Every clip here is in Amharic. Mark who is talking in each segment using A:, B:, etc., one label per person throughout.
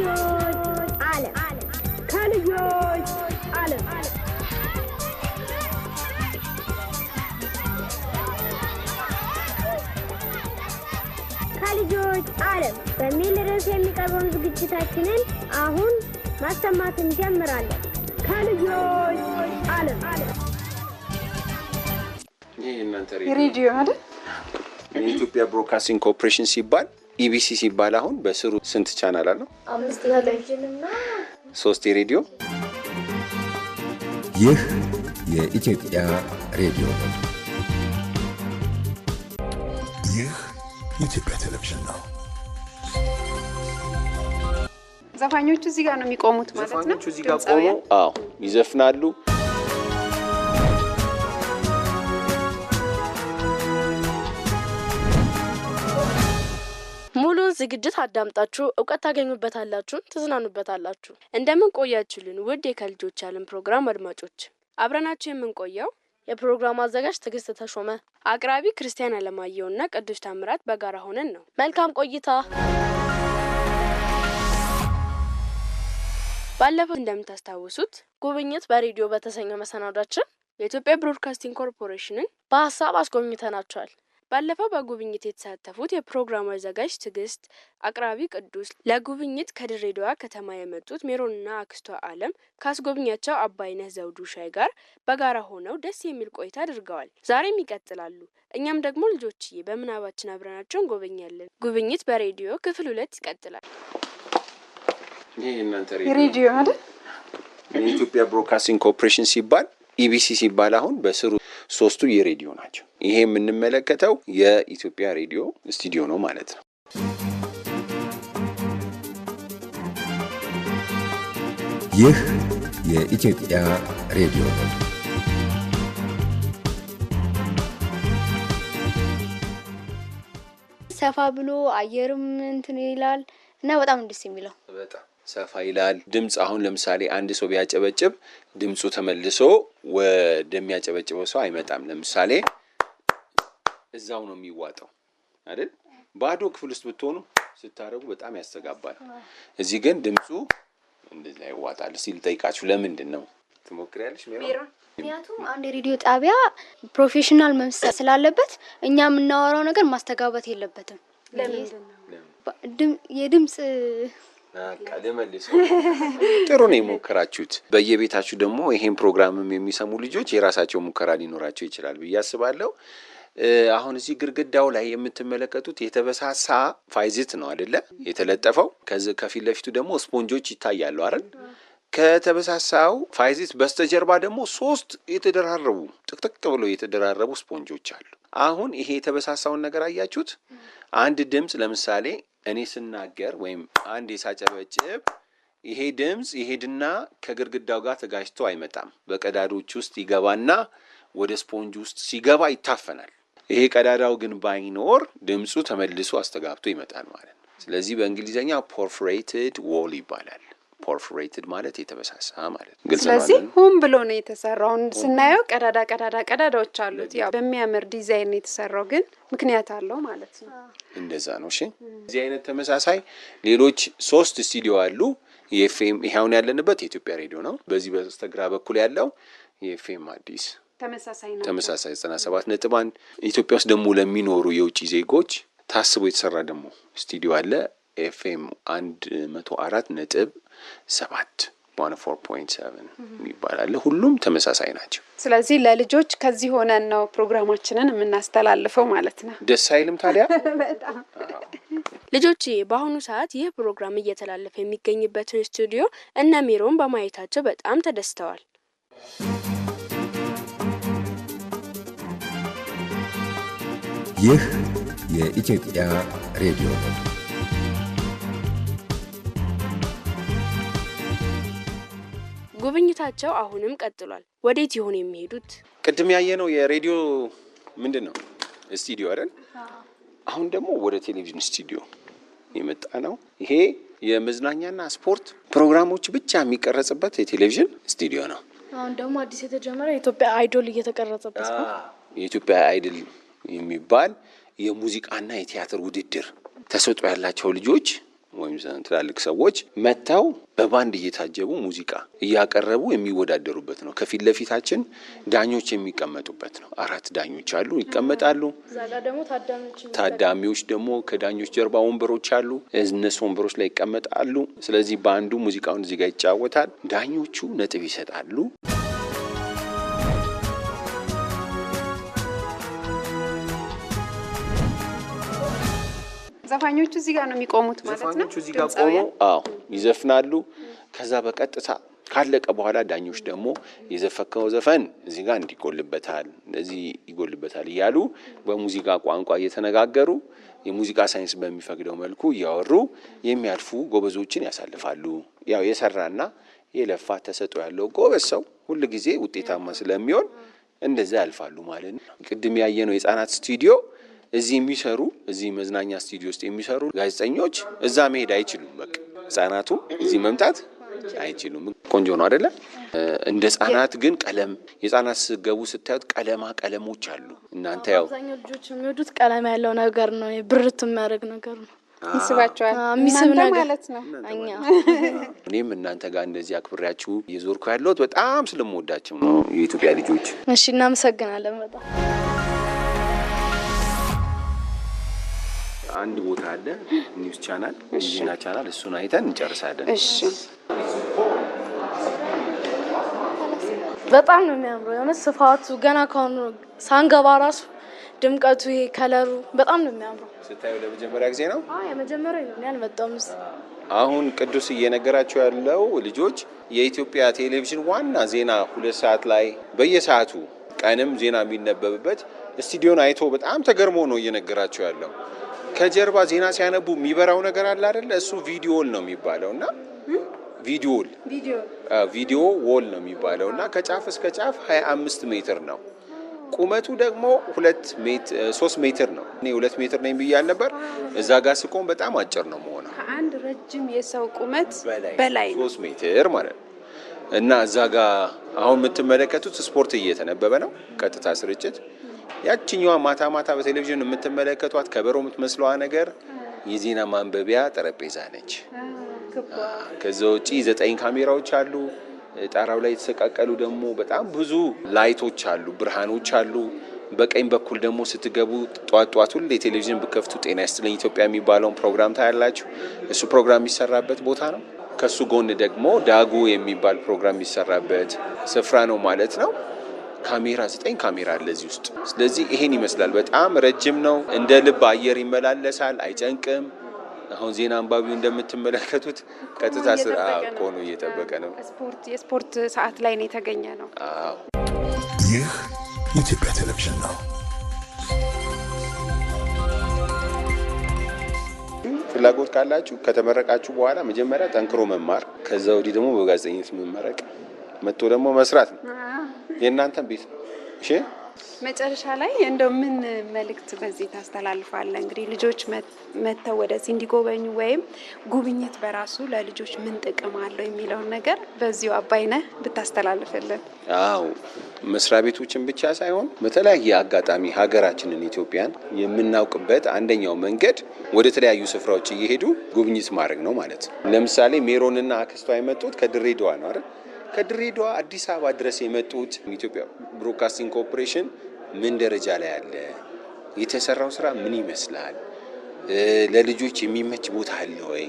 A: ከልጆች ዓለም ከልጆች ዓለም ከልጆች ዓለም በሚል ርዕስ የሚቀርበውን ዝግጅታችንን አሁን ማሰማት እንጀምራለን። ከልጆች ዓለም
B: እናንተ ሬዲዮ አይደል? የኢትዮጵያ ብሮድካስቲንግ ኮርፖሬሽን ሲባል ኢቢሲ ሲባል አሁን በስሩ ስንት ቻናል አለው?
C: አምስት ቴሌቪዥን
B: ሶስት ሬዲዮ። ይህ የኢትዮጵያ ሬዲዮ ነው። ይህ የኢትዮጵያ ቴሌቪዥን ነው።
C: ዘፋኞቹ እዚህ ጋር ነው የሚቆሙት ማለት ነው።
B: እዚህ ጋር ቆመው ይዘፍናሉ።
C: የዛሬውን ዝግጅት አዳምጣችሁ እውቀት ታገኙበታላችሁ፣ ትዝናኑበታላችሁ። እንደምን ቆያችሁልን ውድ የከልጆች ዓለም ፕሮግራም አድማጮች፣ አብረናችሁ የምንቆየው የፕሮግራሙ አዘጋጅ ትዕግስት ተሾመ፣ አቅራቢ ክርስቲያን አለማየሁና ቅዱስ ታምራት በጋራ ሆነን ነው። መልካም ቆይታ። ባለፈው እንደምታስታውሱት ጉብኝት በሬዲዮ በተሰኘው መሰናዷችን የኢትዮጵያ ብሮድካስቲንግ ኮርፖሬሽንን በሀሳብ አስጎብኝተናቸዋል። ባለፈው በጉብኝት የተሳተፉት የፕሮግራሙ አዘጋጅ ትዕግስት፣ አቅራቢ ቅዱስ፣ ለጉብኝት ከድሬዳዋ ከተማ የመጡት ሜሮንና አክስቷ አለም ከአስጎብኛቸው አባይነህ ዘውዱ ሻይ ጋር በጋራ ሆነው ደስ የሚል ቆይታ አድርገዋል። ዛሬም ይቀጥላሉ። እኛም ደግሞ ልጆችዬ በምናባችን አብረናቸው እንጎበኛለን። ጉብኝት በሬዲዮ ክፍል ሁለት ይቀጥላል። ሬዲዮ
B: ኢትዮጵያ ብሮድካስቲንግ ኮርፖሬሽን ሲባል ኢቢሲ ሲባል አሁን በስሩ ሶስቱ የሬዲዮ ናቸው። ይሄ የምንመለከተው የኢትዮጵያ ሬዲዮ ስቱዲዮ ነው ማለት ነው። ይህ የኢትዮጵያ ሬዲዮ ነው።
C: ሰፋ ብሎ አየርም እንትን ይላል እና በጣም ደስ የሚለው
B: ሰፋ ይላል ድምፅ። አሁን ለምሳሌ አንድ ሰው ቢያጨበጭብ ድምፁ ተመልሶ ወደሚያጨበጭበው ሰው አይመጣም። ለምሳሌ እዛው ነው የሚዋጠው አይደል? ባዶ ክፍል ውስጥ ብትሆኑ ስታደርጉ በጣም ያስተጋባል። እዚህ ግን ድምፁ እንደዛ ይዋጣል። እስኪ ልጠይቃችሁ፣ ለምንድን ነው ትሞክሪያለሽ?
C: ምክንያቱም አንድ የሬዲዮ ጣቢያ ፕሮፌሽናል መምሰል ስላለበት እኛ የምናወራው ነገር ማስተጋባት የለበትም። የድምፅ
B: ጥሩ ነው የሞከራችሁት። በየቤታችሁ ደግሞ ይሄን ፕሮግራምም የሚሰሙ ልጆች የራሳቸው ሙከራ ሊኖራቸው ይችላል ብዬ አስባለሁ። አሁን እዚህ ግድግዳው ላይ የምትመለከቱት የተበሳሳ ፋይዝት ነው አደለ? የተለጠፈው ከዚህ ከፊት ለፊቱ ደግሞ ስፖንጆች ይታያሉ አይደል? ከተበሳሳው ፋይዚት በስተጀርባ ደግሞ ሶስት የተደራረቡ ጥቅጥቅ ብሎ የተደራረቡ ስፖንጆች አሉ። አሁን ይሄ የተበሳሳውን ነገር አያችሁት? አንድ ድምፅ ለምሳሌ እኔ ስናገር ወይም አንድ የሳጨበጭብ ይሄ ድምፅ ይሄድና ከግድግዳው ጋር ተጋጅቶ አይመጣም። በቀዳዶች ውስጥ ይገባና ወደ ስፖንጅ ውስጥ ሲገባ ይታፈናል። ይሄ ቀዳዳው ግን ባይኖር ድምፁ ተመልሶ አስተጋብቶ ይመጣል ማለት ነው። ስለዚህ በእንግሊዝኛ ፖርፍሬትድ ዎል ይባላል። ፖርፎሬትድ ማለት የተበሳሳ ማለት
C: ነው። ስለዚህ ሁም ብሎ ነው የተሰራውን ስናየው ቀዳዳ ቀዳዳ ቀዳዳዎች አሉት። ያው በሚያምር ዲዛይን የተሰራው ግን ምክንያት አለው ማለት ነው።
B: እንደዛ ነው። እሺ እዚህ አይነት ተመሳሳይ ሌሎች ሶስት ስቱዲዮ አሉ። የኤፍኤም ይኸውን ያለንበት የኢትዮጵያ ሬዲዮ ነው። በዚህ በስተግራ በኩል ያለው የኤፍኤም አዲስ ተመሳሳይ ዘጠና ሰባት ነጥብ አንድ ኢትዮጵያ ውስጥ ደግሞ ለሚኖሩ የውጭ ዜጎች ታስቦ የተሰራ ደግሞ ስቱዲዮ አለ። ኤፍኤም አንድ መቶ አራት ነጥብ ሰባት ዋን ፎር ፖይንት ሰቨን ይባላል። ሁሉም ተመሳሳይ ናቸው።
C: ስለዚህ ለልጆች ከዚህ ሆነን ነው ፕሮግራማችንን የምናስተላልፈው ማለት ነው።
B: ደስ አይልም ታዲያ?
C: በጣም ልጆች፣ በአሁኑ ሰዓት ይህ ፕሮግራም እየተላለፈ የሚገኝበትን ስቱዲዮ እነ ሜሮን በማየታቸው በጣም ተደስተዋል።
B: ይህ የኢትዮጵያ ሬዲዮ ነው።
C: ጥረታቸው አሁንም ቀጥሏል። ወዴት ይሆን የሚሄዱት?
B: ቅድም ያየነው የሬዲዮ ምንድን ነው ስቱዲዮ አይደል? አሁን ደግሞ ወደ ቴሌቪዥን ስቱዲዮ የመጣ ነው። ይሄ የመዝናኛና ስፖርት ፕሮግራሞች ብቻ የሚቀረጽበት የቴሌቪዥን ስቱዲዮ ነው።
C: አሁን ደግሞ አዲስ የተጀመረ የኢትዮጵያ አይዶል እየተቀረጸበት ነው።
B: የኢትዮጵያ አይድል የሚባል የሙዚቃና የቲያትር ውድድር ተሰጥኦ ያላቸው ልጆች ወይም ትላልቅ ሰዎች መጥተው በባንድ እየታጀቡ ሙዚቃ እያቀረቡ የሚወዳደሩበት ነው። ከፊት ለፊታችን ዳኞች የሚቀመጡበት ነው። አራት ዳኞች አሉ፣ ይቀመጣሉ። ታዳሚዎች ደግሞ ከዳኞች ጀርባ ወንበሮች አሉ፣ እነሱ ወንበሮች ላይ ይቀመጣሉ። ስለዚህ በአንዱ ሙዚቃውን እዚጋ ይጫወታል፣ ዳኞቹ ነጥብ ይሰጣሉ።
C: ዘፋኞቹ እዚህ ጋር ነው የሚቆሙት ማለት ነው።
B: እዚህ ጋር ቆመው አዎ ይዘፍናሉ። ከዛ በቀጥታ ካለቀ በኋላ ዳኞች ደግሞ የዘፈከው ዘፈን እዚህ ጋር እንዲጎልበታል እንደዚህ ይጎልበታል እያሉ በሙዚቃ ቋንቋ እየተነጋገሩ የሙዚቃ ሳይንስ በሚፈቅደው መልኩ እያወሩ የሚያልፉ ጎበዞችን ያሳልፋሉ። ያው የሰራና የለፋ ተሰጦ ያለው ጎበዝ ሰው ሁል ጊዜ ውጤታማ ስለሚሆን እንደዛ ያልፋሉ ማለት ነው። ቅድም ያየነው የህጻናት ስቱዲዮ እዚህ የሚሰሩ እዚህ መዝናኛ ስቱዲዮ ውስጥ የሚሰሩ ጋዜጠኞች እዛ መሄድ አይችሉም። በቃ ህጻናቱ እዚህ መምጣት አይችሉም። ቆንጆ ነው አደለ? እንደ ህጻናት ግን ቀለም የህጻናት ስገቡ ስታዩት ቀለማ ቀለሞች አሉ። እናንተ ያው
C: ልጆች የሚወዱት ቀለም ያለው ነገር ነው። ብርት የሚያደርግ ነገር ነው። ይስባቸዋል ማለት ነው።
B: እኔም እናንተ ጋር እንደዚህ አክብሬያችሁ እየዞርኩ ያለሁት በጣም ስለምወዳቸው ነው የኢትዮጵያ ልጆች።
C: እሺ እናመሰግናለን በጣም
B: አንድ ቦታ አለ ኒውስ ቻናል፣ ዜና ቻናል። እሱን አይተን እንጨርሳለን።
C: እሺ። በጣም ነው የሚያምረው። የሆነ ስፋቱ ገና ከሆኑ ሳንገባ ራሱ ድምቀቱ፣ ይሄ ከለሩ በጣም ነው የሚያምረው።
B: ስታዩ ለመጀመሪያ ጊዜ ነው?
C: አዎ የመጀመሪያ ነው። አልመጣሁም።
B: አሁን ቅዱስ እየነገራቸው ያለው ልጆች የኢትዮጵያ ቴሌቪዥን ዋና ዜና ሁለት ሰዓት ላይ በየሰዓቱ ቀንም ዜና የሚነበብበት ስቱዲዮን አይቶ በጣም ተገርሞ ነው እየነገራቸው ያለው። ከጀርባ ዜና ሲያነቡ የሚበራው ነገር አለ አይደለ? እሱ ቪዲዮል ነው የሚባለው እና ቪዲዮል ቪዲዮ ዎል ነው የሚባለው እና ከጫፍ እስከ ጫፍ 25 ሜትር ነው። ቁመቱ ደግሞ ሁለት ሶስት ሜትር ነው። እኔ ሁለት ሜትር ነኝ ብዬ ነበር። እዛ ጋር ስቆም በጣም አጭር ነው መሆነው
C: ከአንድ ረጅም የሰው ቁመት በላይ
B: ሶስት ሜትር ማለት ነው። እና እዛ ጋር አሁን የምትመለከቱት ስፖርት እየተነበበ ነው፣ ቀጥታ ስርጭት ያችኛዋ ማታ ማታ በቴሌቪዥን የምትመለከቷት ከበሮ የምትመስለዋ ነገር የዜና ማንበቢያ ጠረጴዛ ነች። ከዛ ውጪ ዘጠኝ ካሜራዎች አሉ። ጣራው ላይ የተሰቃቀሉ ደግሞ በጣም ብዙ ላይቶች አሉ፣ ብርሃኖች አሉ። በቀኝ በኩል ደግሞ ስትገቡ ጧት ጧት ሁሌ ቴሌቪዥን ብከፍቱ ጤና ይስጥልኝ ኢትዮጵያ የሚባለውን ፕሮግራም ታያላችሁ። እሱ ፕሮግራም የሚሰራበት ቦታ ነው። ከሱ ጎን ደግሞ ዳጉ የሚባል ፕሮግራም የሚሰራበት ስፍራ ነው ማለት ነው። ካሜራ ዘጠኝ ካሜራ አለ እዚህ ውስጥ። ስለዚህ ይሄን ይመስላል። በጣም ረጅም ነው። እንደ ልብ አየር ይመላለሳል፣ አይጨንቅም። አሁን ዜና አንባቢው እንደምትመለከቱት ቀጥታ ስራ ቆኖ እየጠበቀ ነው።
C: የስፖርት ሰዓት ላይ ነው የተገኘ ነው።
B: ይህ የኢትዮጵያ ቴሌቪዥን ነው። ፍላጎት ካላችሁ ከተመረቃችሁ በኋላ መጀመሪያ ጠንክሮ መማር፣ ከዛ ወዲህ ደግሞ በጋዜጠኝነት መመረቅ መጥቶ ደግሞ መስራት ነው። የእናንተን ቤት ነው። እሺ
C: መጨረሻ ላይ እንደው ምን መልእክት በዚህ ታስተላልፋለ? እንግዲህ ልጆች መጥተው ወደዚህ እንዲጎበኙ ወይም ጉብኝት በራሱ ለልጆች ምን ጥቅም አለው የሚለውን ነገር በዚሁ አባይነህ ብታስተላልፍልን።
B: አዎ መስሪያ ቤቶችን ብቻ ሳይሆን በተለያየ አጋጣሚ ሀገራችንን ኢትዮጵያን የምናውቅበት አንደኛው መንገድ ወደ ተለያዩ ስፍራዎች እየሄዱ ጉብኝት ማድረግ ነው ማለት ነው። ለምሳሌ ሜሮንና አክስቷ የመጡት ከድሬዳዋ ነው አይደል? ከድሬዳዋ አዲስ አበባ ድረስ የመጡት ኢትዮጵያ ብሮድካስቲንግ ኮርፖሬሽን ምን ደረጃ ላይ አለ? የተሰራው ስራ ምን ይመስላል? ለልጆች የሚመች ቦታ አለ ወይ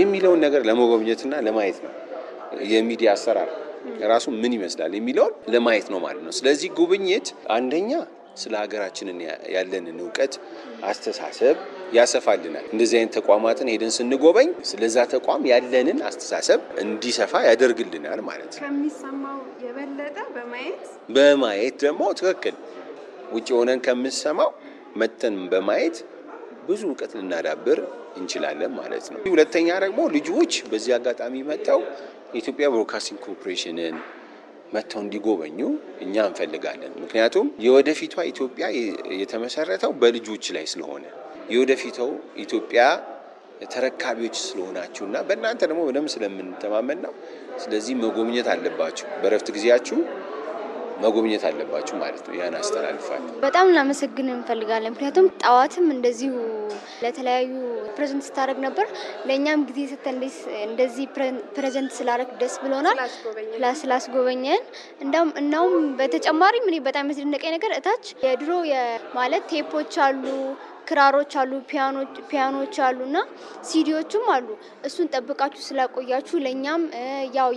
B: የሚለውን ነገር ለመጎብኘትና ለማየት ነው። የሚዲያ አሰራር ራሱ ምን ይመስላል የሚለውን ለማየት ነው ማለት ነው። ስለዚህ ጉብኝት አንደኛ ስለ ሀገራችን ያለንን እውቀት፣ አስተሳሰብ ያሰፋልናል። እንደዚህ አይነት ተቋማትን ሄደን ስንጎበኝ ስለዛ ተቋም ያለንን አስተሳሰብ እንዲሰፋ ያደርግልናል ማለት
C: ነው። ከሚሰማው የበለጠ በማየት
B: በማየት ደግሞ ትክክል ውጭ ሆነን ከምንሰማው መተን በማየት ብዙ እውቀት ልናዳብር እንችላለን ማለት ነው። ሁለተኛ ደግሞ ልጆች በዚህ አጋጣሚ መጥተው የኢትዮጵያ ብሮድካስቲንግ ኮርፖሬሽንን መጥተው እንዲጎበኙ እኛ እንፈልጋለን። ምክንያቱም የወደፊቷ ኢትዮጵያ የተመሰረተው በልጆች ላይ ስለሆነ የወደፊተው ኢትዮጵያ ተረካቢዎች ስለሆናችሁ እና በእናንተ ደግሞ በደንብ ስለምንተማመን ነው። ስለዚህ መጎብኘት አለባችሁ፣ በረፍት ጊዜያችሁ መጎብኘት አለባችሁ ማለት ነው። ያን አስተላልፋል።
C: በጣም ላመሰግን እንፈልጋለን። ምክንያቱም ጠዋትም እንደዚሁ ለተለያዩ ፕሬዘንት ስታደርግ ነበር። ለእኛም ጊዜ ስተ እንደዚህ ፕሬዘንት ስላደረግ ደስ ብሎናል፣ ስላስጎበኘን። እናውም በተጨማሪም እኔ በጣም ያስደነቀኝ ነገር እታች የድሮ ማለት ቴፖች አሉ ክራሮች አሉ፣ ፒያኖች አሉ እና ሲዲዎችም አሉ። እሱን ጠብቃችሁ ስላቆያችሁ ለእኛም ያው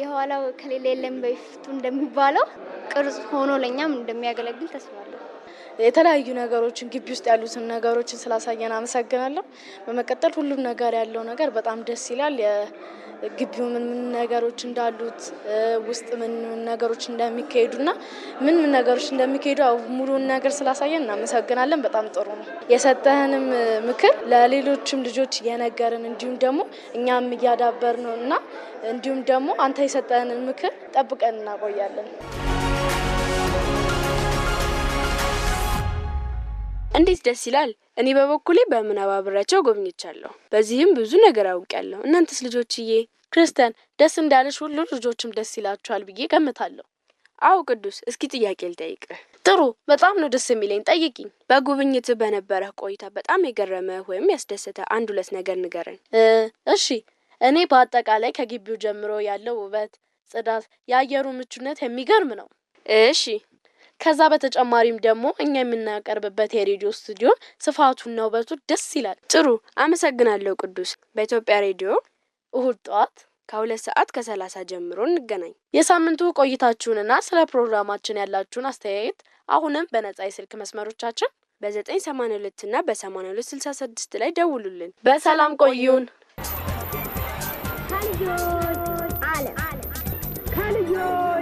C: የኋላው ከሌለ የለም በፊቱ እንደሚባለው ቅርጽ ሆኖ ለእኛም እንደሚያገለግል ተስባለሁ። የተለያዩ ነገሮችን ግቢ ውስጥ ያሉትን ነገሮችን ስላሳየን አመሰግናለሁ። በመቀጠል ሁሉም ነገር ያለው ነገር በጣም ደስ ይላል። ግቢው ምን ምን ነገሮች እንዳሉት ውስጥ ምን ምን ነገሮች እና ምን ምን ነገሮች እንደሚካሄዱ ሙሉውን ነገር ስላሳየን እናመሰግናለን። በጣም ጥሩ ነው። የሰጠህንም ምክር ለሌሎችም ልጆች እየነገርን እንዲሁም ደግሞ እኛም እያዳበር ነው እና እንዲሁም ደግሞ አንተ የሰጠህንን ምክር ጠብቀን እናቆያለን። እንዴት ደስ ይላል! እኔ በበኩሌ በምናብ አብሬያቸው ጎብኝቻለሁ። በዚህም ብዙ ነገር አውቄያለሁ። እናንተስ ልጆችዬ?
D: ክርስቲያን ደስ እንዳለሽ ሁሉ ልጆችም ደስ ይላችኋል ብዬ ገምታለሁ።
C: አዎ ቅዱስ፣ እስኪ ጥያቄ ልጠይቅ
D: ጥሩ፣ በጣም ነው ደስ የሚለኝ። ጠይቂኝ።
C: በጉብኝት በነበረህ ቆይታ በጣም የገረመህ ወይም ያስደሰተ አንድ ሁለት ነገር ንገረኝ።
D: እሺ፣ እኔ በአጠቃላይ ከግቢው ጀምሮ ያለው ውበት፣ ጽዳት፣ የአየሩ ምቹነት የሚገርም ነው።
C: እሺ ከዛ በተጨማሪም ደግሞ እኛ የምናቀርብበት የሬዲዮ ስቱዲዮ ስፋቱና ውበቱ ደስ ይላል።
D: ጥሩ አመሰግናለሁ ቅዱስ። በኢትዮጵያ ሬዲዮ እሁድ ጠዋት ከሁለት ሰዓት ከሰላሳ ጀምሮ እንገናኝ። የሳምንቱ ቆይታችሁንና ስለ ፕሮግራማችን ያላችሁን አስተያየት አሁንም በነጻ የስልክ መስመሮቻችን በ982 እና በ8266 ላይ ደውሉልን። በሰላም ቆዩን። ከልጆች አለ ከልጆች